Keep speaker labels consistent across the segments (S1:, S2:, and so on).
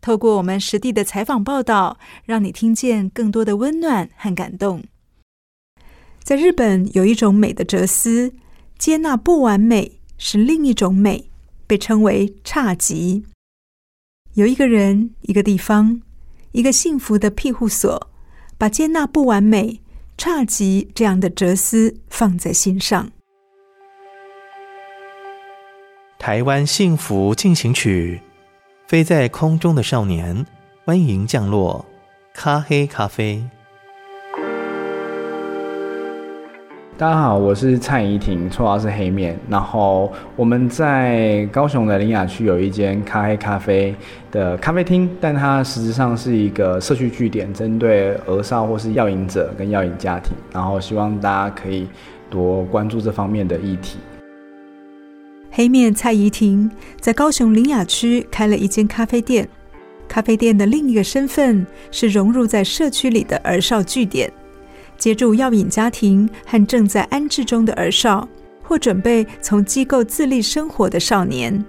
S1: 透過我們實地的採訪報道，讓你聽見更多的溫暖和感動。在日本，有一種美的哲思，接納不完美是另一種美，被稱為侘寂。有一個人，一個地方，一個幸福的庇護所，把接納不完美、侘寂這樣的哲思放在心上。
S2: 台灣幸福進行曲。飛在空中的少年，歡迎降落。咖黑咖啡。大家好，我是蔡宜廷，綽號是黑面。然後我們在高雄的苓雅區有一間咖黑咖啡的咖啡廳，但它實際上是一個社區據點，針對兒少或是藥癮者跟藥癮家庭。然後希望大家可以多關注這方面的議題。
S1: 黑面蔡宜廷在高雄苓雅區開了一間咖啡店，咖啡店的另一個身份是融入在社區裡的兒少據點，接住藥癮家庭和正在安置中的兒少，或準備從機構自立生活的少年。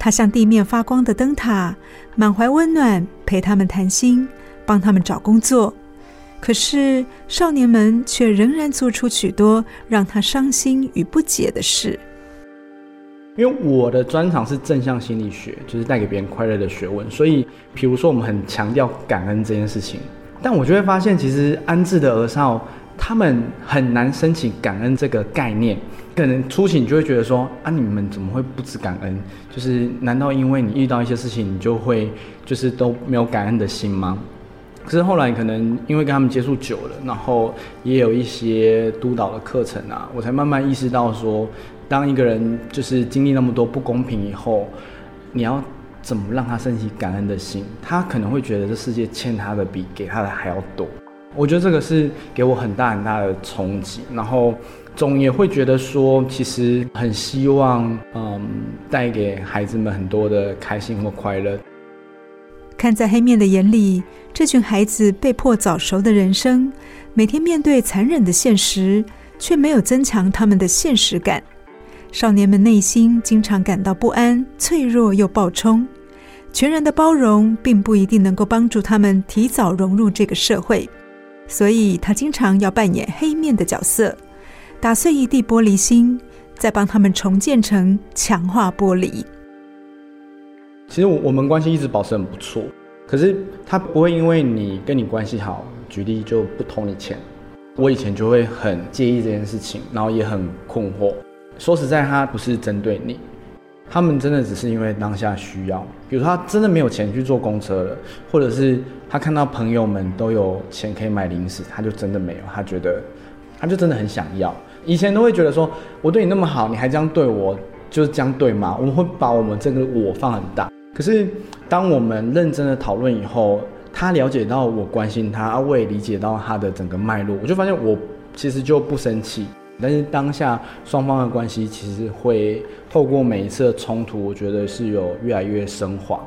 S1: 他像地面發光的燈塔，滿懷溫暖，陪他們談心，幫他們找工作。可是少年們卻仍然做出許多讓他傷
S2: 心與不解的事。因為我的專長是正向心理學，就是帶給別人快樂的學問，所以，比如說我們很強調感恩這件事情，但我就會發現，其實安置的兒少他們很難生起感恩這個概念，可能初期你就會覺得說啊，你們怎麼會不知感恩？就是難道因為你遇到一些事情，你就會就是都沒有感恩的心嗎？可是後來可能因為跟他們接觸久了，然後也有一些督導的課程啊，我才慢慢意識到說。當一個人就是經歷那麼多不公平以後，你要怎麼讓他生起感恩的心？他可能會覺得這世界欠他的比給他的還要多。我覺得這個是給我很大很大的衝擊。然後總也會覺得說，其實很希望，嗯，帶給孩子們很多的開心或快樂。
S1: 看在黑面的眼裡，這群孩子被迫早熟的人生，每天面對殘忍的現實，卻沒有增強他們的現實感。少年們內心經常感到不安、脆弱又暴衝，全然的包容並不一定能夠幫助他們提早融入這個社會，所以他經常要扮演黑面的角色，打碎一地玻璃心，再幫他們重建成強化玻璃。
S2: 其實我我們關係一直保持很不錯，可是他不會因為你跟你關係好，舉例就不偷你錢。我以前就會很介意這件事情，然後也很困惑。說實在，他不是針對你，他們真的只是因為當下需要，比如說他真的沒有錢去坐公車了，或者是他看到朋友們都有錢可以買零食，他就真的沒有，他覺得，他就真的很想要。以前都會覺得說，我對你那麼好，你還這樣對我，就是這樣對嗎？我們會把我們這個我放很大。可是當我們認真的討論以後，他了解到我關心他，我也理解到他的整個脈絡，我就發現我其實就不生氣。但是當下雙方的關係其實會透過每一次的衝突，我覺得是有越來越深化。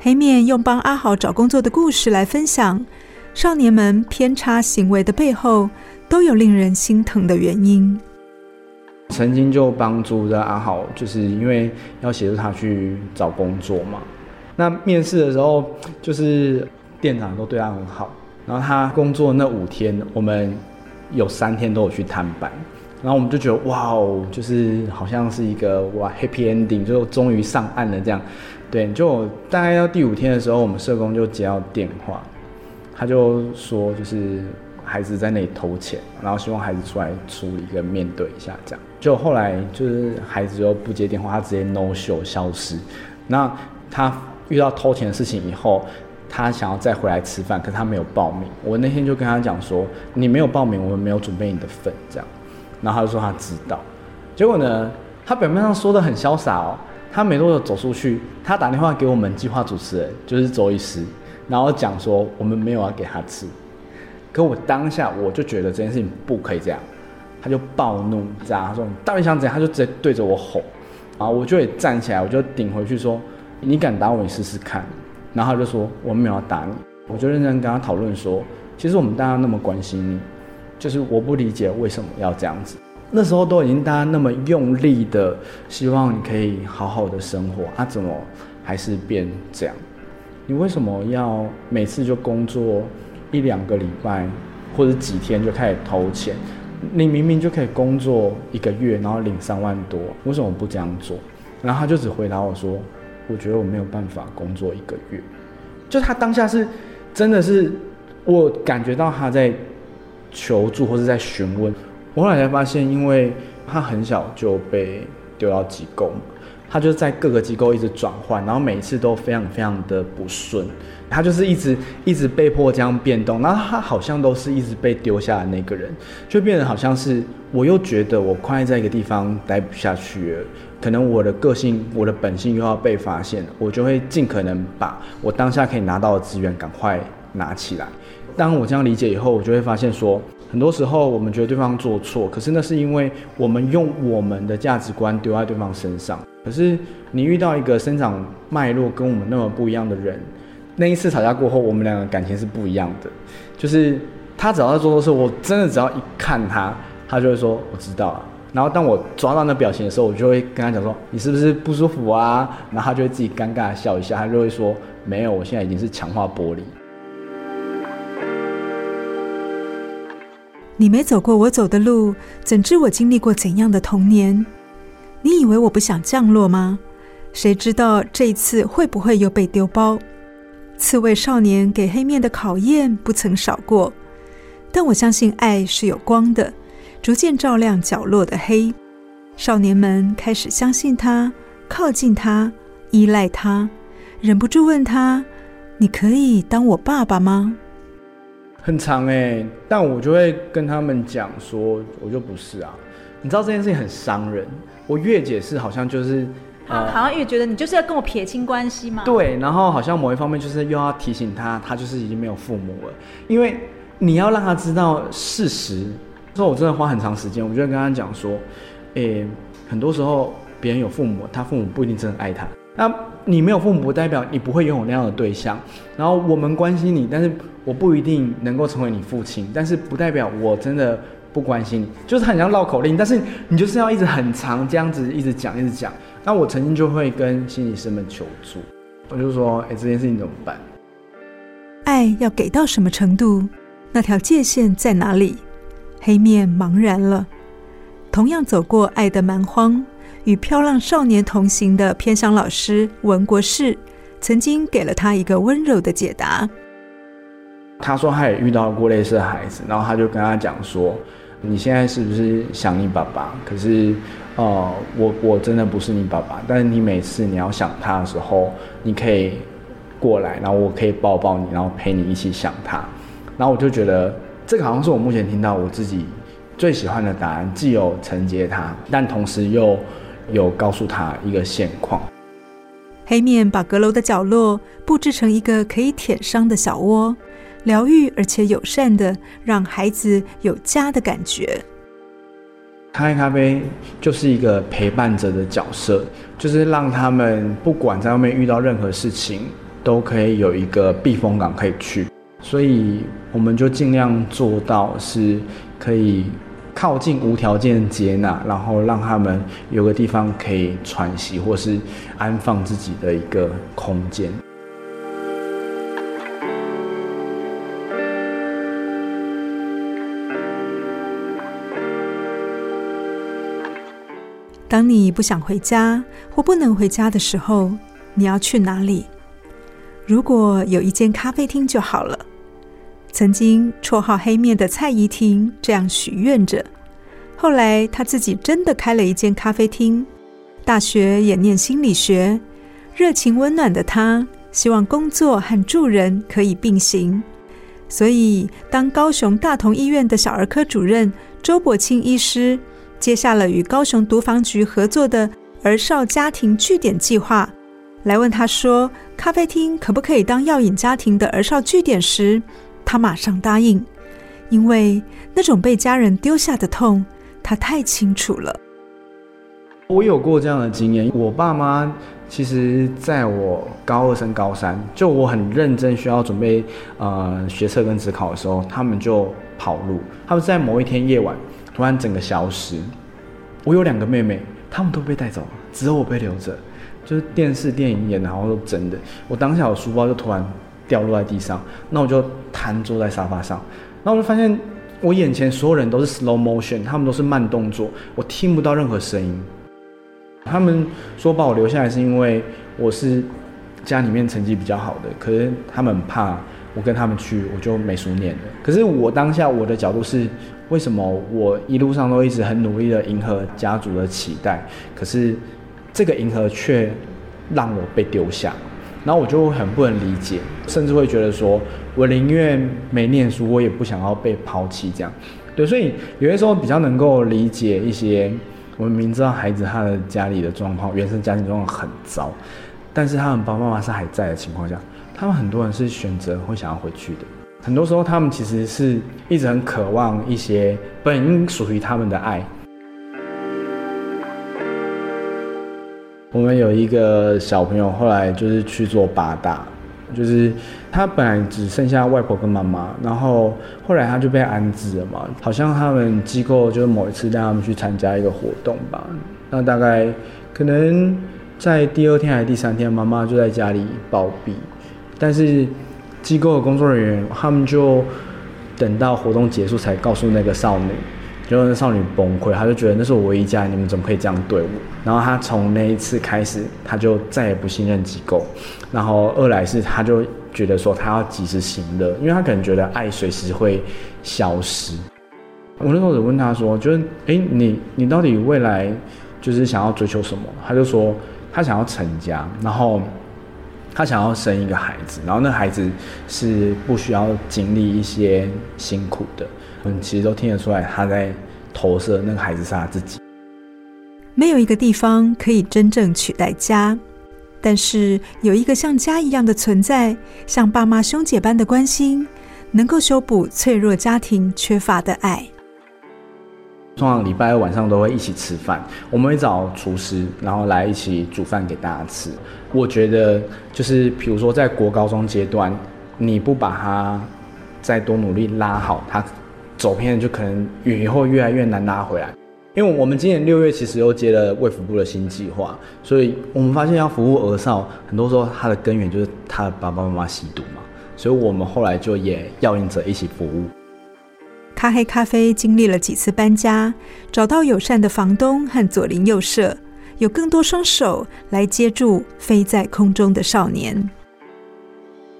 S1: 黑面用幫阿豪找工作的故事來分享，少年們偏差行為的背後都有令人心疼的原因。
S2: 曾經就幫助着阿豪，就是因為要協助他去找工作嘛。那面試的時候，就是店長都對他很好。然後他工作那五天，我們有三天都有去探班，然後我們就覺得哇哦，就是好像是一個哇 happy ending，就終於上岸了這樣。對，就大概到第五天的時候，我們社工就接到電話，他就說就是孩子在那裡偷錢，然後希望孩子出來處理跟面對一下這樣。就後來就是孩子就不接電話，他直接 no show 消失。那他遇到偷錢的事情以後。他想要再回來吃飯，可是他沒有報名。我那天就跟他講說：“你沒有報名，我們沒有準備你的份。”這樣，然後他就說他知道。結果呢，他表面上說的很瀟灑哦，他沒多久走出去，他打電話給我們計劃主持人，就是周醫師，然後講說我們沒有要給他吃。可我當下我就覺得這件事情不可以這樣，他就暴怒，這樣他說：“你到底想怎樣？”他就直接對着我吼，然後我就也站起來，我就頂回去說：“你敢打我，你試試看。”然後他就說，我沒有要打你，我就認真跟他討論說，其實我們大家那麼關心你，就是我不理解為什麼要這樣子。那時候都已經大家那麼用力的希望你可以好好的生活，啊怎麼還是變這樣？你為什麼要每次就工作一兩個禮拜或者幾天就開始偷錢？你明明就可以工作一個月然後領三萬多，為什麼不這樣做？然後他就只回答我說。我覺得我沒有辦法工作一個月，就他當下是，真的是，我感覺到他在求助或是在詢問。我後來才發現，因為他很小就被丟到機構。他就是在各個機構一直轉換，然後每一次都非常非常的不順，他就是一直一直被迫這樣變動，然後他好像都是一直被丟下的那個人，就變得好像是我又覺得我快在一個地方待不下去了，可能我的個性我的本性又要被發現，我就會盡可能把我當下可以拿到的資源趕快拿起來。當我這樣理解以後，我就會發現說。很多時候，我們覺得對方做錯，可是那是因為我們用我們的價值觀丟在對方身上。可是你遇到一個生長脈絡跟我們那麼不一樣的人，那一次吵架過後，我們兩個感情是不一樣的。就是他只要做錯事，我真的只要一看他，他就會說我知道了。然後當我抓到那表情的時候，我就會跟他講說：“你是不是不舒服啊？”然後他就會自己尷尬的笑一下，他就會說：“沒有，我現在已經是強化玻璃。”你沒走過
S1: 我走的路，怎知我經歷過怎樣的童年？你以為我不想降落嗎？誰知道這一次會不會又被丟包？刺蝟少年給黑面的考驗不曾少過，但我相信愛是有光的，逐漸照亮角落的黑。少年們開始相信他，靠近他，依賴他，忍不住問他：“你可以當我爸爸嗎？”
S2: 很長哎、欸，但我就會跟他們講說，我就不是啊。你知道這件事情很傷人，我越解釋好像就是，呃、好，好像
S1: 越覺得你就是要跟我撇清關係嗎？對，
S2: 然後好像某一方面就是又要提醒他，他就是已經沒有父母了，因為你要讓他知道事實。之後我真的花很長時間，我就跟他講說，誒、欸，很多時候別人有父母，他父母不一定真的愛他。那。你沒有父母，不代表你不會擁有那樣的對象。然後我們關心你，但是我不一定能夠成為你父親，但是不代表我真的不關心你。就是很像繞口令，但是你就是要一直很長這樣子一直講一直講。那我曾經就會跟心理師們求助，我就說：“誒、欸，這件事情怎麼辦？
S1: 愛要給到什麼程度？那條界限在哪裡？”黑面茫然了，同樣走過愛的蠻荒。與飄浪少年同行的偏鄉老師文國士，曾經給了他一個溫柔的解答。
S2: 他說他也遇到過類似的孩子，然後他就跟他講說：“你現在是不是想你爸爸？可是，呃，我我真的不是你爸爸。但是你每次你要想他的時候，你可以過來，然後我可以抱抱你，然後陪你一起想他。然後我就覺得這個好像是我目前聽到我自己最喜歡的答案，既有承接他，但同時又有告訴他一個現況。
S1: 黑面把閣樓的角落布置成一個可以舔傷的小窩，療癒而且友善的讓孩子有家的感覺。
S2: 咖黑咖啡就是一個陪伴者的角色，就是讓他們不管在外面遇到任何事情，都可以有一個避風港可以去。所以我們就盡量做到是可以。靠近無條件接納，然後讓他們有個地方可以喘息，或是安放自己的一個空間。
S1: 當你不想回家或不能回家的時候，你要去哪裡？如果有一間咖啡廳就好了。曾經綽號“黑面”的蔡宜廷這樣許願着。後來，他自己真的開了一間咖啡廳。大學也念心理學，熱情溫暖的他，希望工作和助人可以並行。所以，當高雄大同醫院的小兒科主任周伯清醫師接下了與高雄毒防局合作的兒少家庭據點計劃，來問他說：“咖啡廳可不可以當藥癮家庭的兒少據點？”時，他馬上答應，因為那種被家人丟下的痛，他太清楚了。
S2: 我有過這樣的經驗，我爸媽其實在我高二升高三，就我很認真需要準備呃學測跟指考的時候，他們就跑路，他們在某一天夜晚突然整個消失。我有兩個妹妹，他們都被帶走，只有我被留着，就是電視電影演的好像都真的。我當下我書包就突然。掉落在地上，那我就癱坐在沙發上，那我就發現我眼前所有人都是 slow motion，他們都是慢動作，我聽不到任何聲音。他們說把我留下來是因為我是家裡面成績比較好的，可是他們很怕我跟他們去，我就沒書念了。可是我當下我的角度是，為什麼我一路上都一直很努力的迎合家族的期待，可是這個迎合卻讓我被丟下。然後我就很不能理解，甚至會覺得說，我寧願沒念書，我也不想要被拋棄這樣。對，所以有些時候比較能夠理解一些，我們明知道孩子他的家裡的狀況，原生家庭的狀況很糟，但是他們爸爸媽媽是還在的情況下，他們很多人是選擇會想要回去的。很多時候他們其實是一直很渴望一些本應屬於他們的愛。我們有一個小朋友，後來就是去做八大，就是他本來只剩下外婆跟媽媽，然後後來他就被安置了嘛。好像他們機構就是某一次帶他們去參加一個活動吧，那大概可能在第二天還是第三天，媽媽就在家裡暴斃，但是機構的工作人員他們就等到活動結束才告訴那個少女。就是那少女崩潰，她就覺得那是我唯一家人，你們怎麼可以這樣對我？然後她從那一次開始，她就再也不信任機構。然後，二來是她就覺得說她要及時行樂，因為她可能覺得愛隨時會消失。我那時候就問她說：“就是，哎，你你到底未來就是想要追求什麼？”她就說：“她想要成家，然後她想要生一個孩子，然後那孩子是不需要經歷一些辛苦的。”我們其實都聽得出來，他在投射那個孩子是他自己。
S1: 沒有一個地方可以真正取代家，但是有一個像家一樣的存在，像爸媽兄姐般的關心，能夠修補脆弱家庭缺乏的愛。
S2: 通常禮拜二晚上都會一起吃飯，我們會找廚師，然後來一起煮飯給大家吃。我覺得，就是比如說在國高中階段，你不把他再多努力拉好，他。走偏就可能以後越來越難拉回來，因為我們今年六月其實又接了衛福部的新計劃，所以我們發現要服務兒少，很多時候他的根源就是他的爸爸媽媽吸毒嘛，所以我們後來就也藥癮者一起服務。
S1: 咖黑咖啡經歷了幾次搬家，找到友善的房東和左鄰右舍，有更多雙手來接住飛在空中的少年。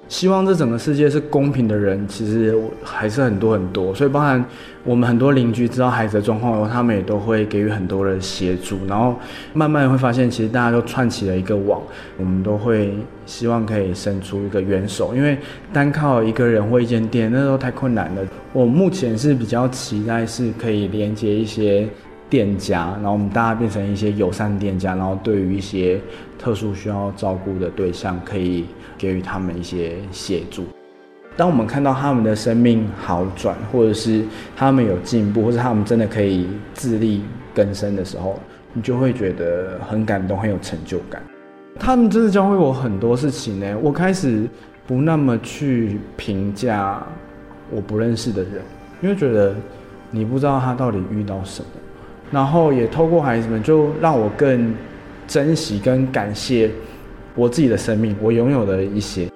S2: 希望這整個世界是公平的人，其實還是很多很多。所以，包含，我們很多鄰居知道孩子的狀況以後，他們也都會給予很多的協助。然後，慢慢會發現，其實大家都串起了一個網，我們都會希望可以伸出一個援手，因為單靠一個人或一間店那時候太困難了。我目前是比較期待是可以連接一些店家，然後我們大家變成一些友善店家，然後對於一些特殊需要照顧的對象，可以。給予他們一些協助。當我們看到他們的生命好轉，或者是他們有進步，或者他們真的可以自力更生的時候，你就會覺得很感動，很有成就感。他們真的教會我很多事情呢。我開始不那麽去評價我不認識的人，因為覺得你不知道他到底遇到什麽。然後也透過孩子們，就讓我更珍惜跟感謝。我自己的生命，我擁有的一些。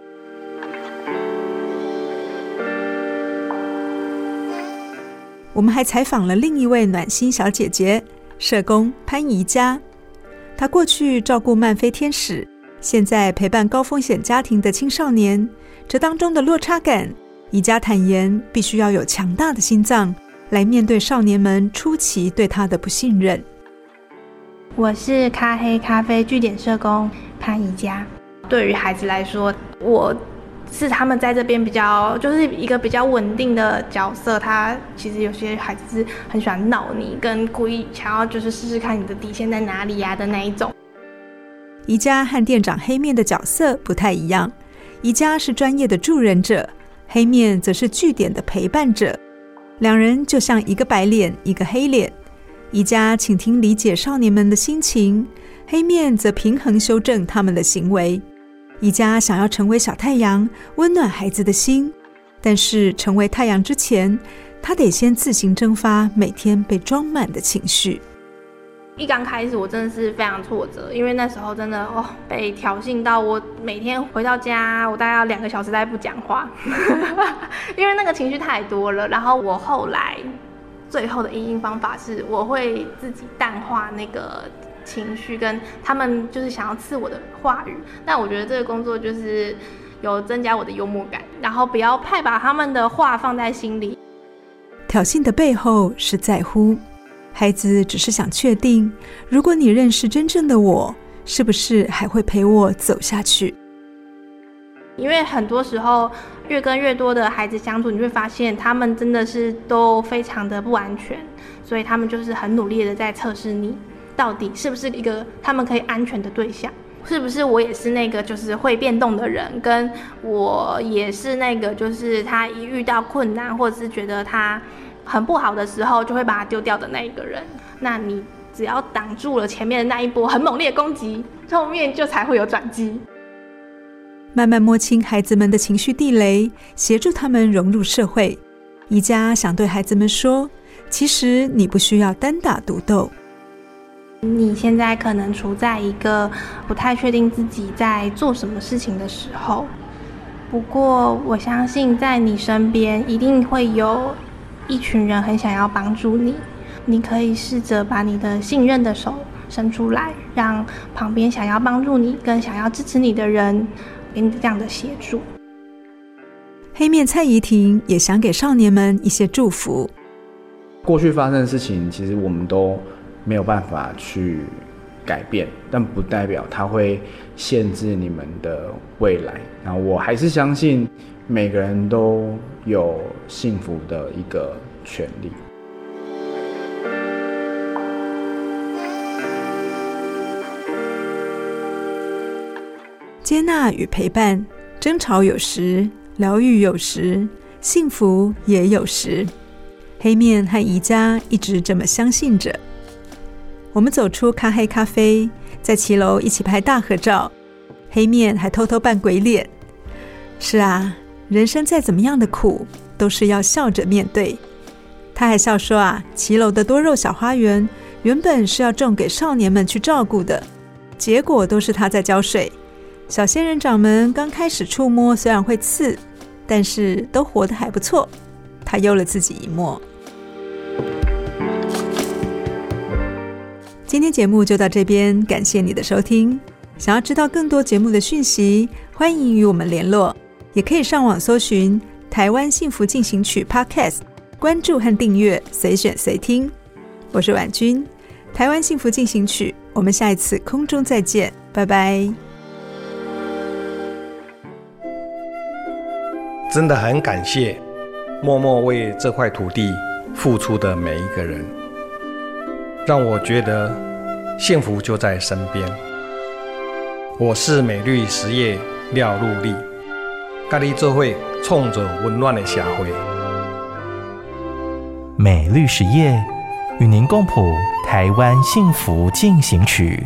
S2: 我們還採訪了另
S1: 一位暖心小姐姐，社工潘宜佳。她過去照顧慢飛天使，現在陪伴高風險家庭的青少年。這當中的落差感，宜佳坦言，必須要有強大的心臟來面對少年們初期對她的不信任。我是咖黑咖啡據點
S3: 社工潘怡佳。
S1: 對於孩子來說，我
S3: 是他們在這邊比較，就是一個比較穩定的角色。他其實有些孩子很喜歡鬧你，跟故意想要就是試試看你的底線在哪裡呀、啊、的那一種。
S1: 怡佳和店長黑面的角色不太一樣，怡佳是專業的助人者，黑面則是據點的陪伴者，兩人就像一個白臉，一個黑臉。宜家傾聽理解少年們的心情，黑面則平衡修正他們的行為。宜家想要成為小太陽，溫暖孩子的心，但是成為太陽之前，他得先自行蒸發每天被裝滿的情緒。
S3: 一剛開始，我真的是非常挫折，因為那時候真的哦被挑釁到，我每天回到家，我大概要兩個小時再不講話， 因為那個情緒太多了。然後我後來。最後的因應方法是，我會自己淡化那個情緒，跟他們就是想要刺我的話語。那我覺得這個工作就是有增加我的幽默感，然後不要太把他們的話放在心裡。
S1: 挑釁的背後是在乎，孩子只是想確定，如果你認識真正的我，是不是還會陪我走下去？
S3: 因為很多時候，越跟越多的孩子相處，你會發現他們真的是都非常的不安全，所以他們就是很努力的在測試你，到底是不是一個他們可以安全的對象，是不是我也是那個就是會變動的人，跟我也是那個就是他一遇到困難或者是覺得他很不好的時候，就會把他丟掉的那一個人。那你只要擋住了前面的那一波很猛烈的攻擊，後
S1: 面就才會有轉機。慢慢摸清孩子們的情緒地雷，協助他們融入社會。宜家想對孩子們說：其實你不需要單打獨鬥。你現在可能處在一個不
S3: 太確定自己在做什麼事情的時候，不過我相信在你身邊一定會有一群人很想要幫助你。你可以試着把你的信任的手伸出來，讓旁邊想要幫助你、跟想要支持你的人給你這樣的協助，
S1: 黑面蔡宜廷也想給少年們一些祝福。
S2: 過去發生的事情，其實我們都沒有辦法去改變，但不代表他會限制你們的未來。然後我還是相信每個人都有幸福的一個權利。
S1: 接納與陪伴，爭吵有時，療癒有時，幸福也有時。黑面和宜家一直這麼相信着。我們走出咖黑咖啡，在騎樓一起拍大合照。黑面還偷偷扮鬼臉。是啊，人生再怎麼樣的苦，都是要笑着面對。他還笑說啊，騎樓的多肉小花園原本是要種給少年們去照顧的，結果都是他在澆水。小仙人掌們剛開始觸摸，雖然會刺，但是都活得還不錯。他幽了自己一默。今天節目就到這邊，感謝你的收聽。想要知道更多節目的訊息，歡迎與我們聯絡，也可以上網搜尋“台灣幸福進行曲 ”Podcast，關注和訂閱，隨選隨聽。我是婉君，台灣幸福進行曲，我們下一次空中再見，拜拜。
S2: 真的很感謝默默為這塊土地付出的每一個人，讓我覺得幸福就在身邊。我是美律實業廖祿立，咖喱聚會沖着溫暖的香味，美律實業與您共譜台灣幸福進行曲。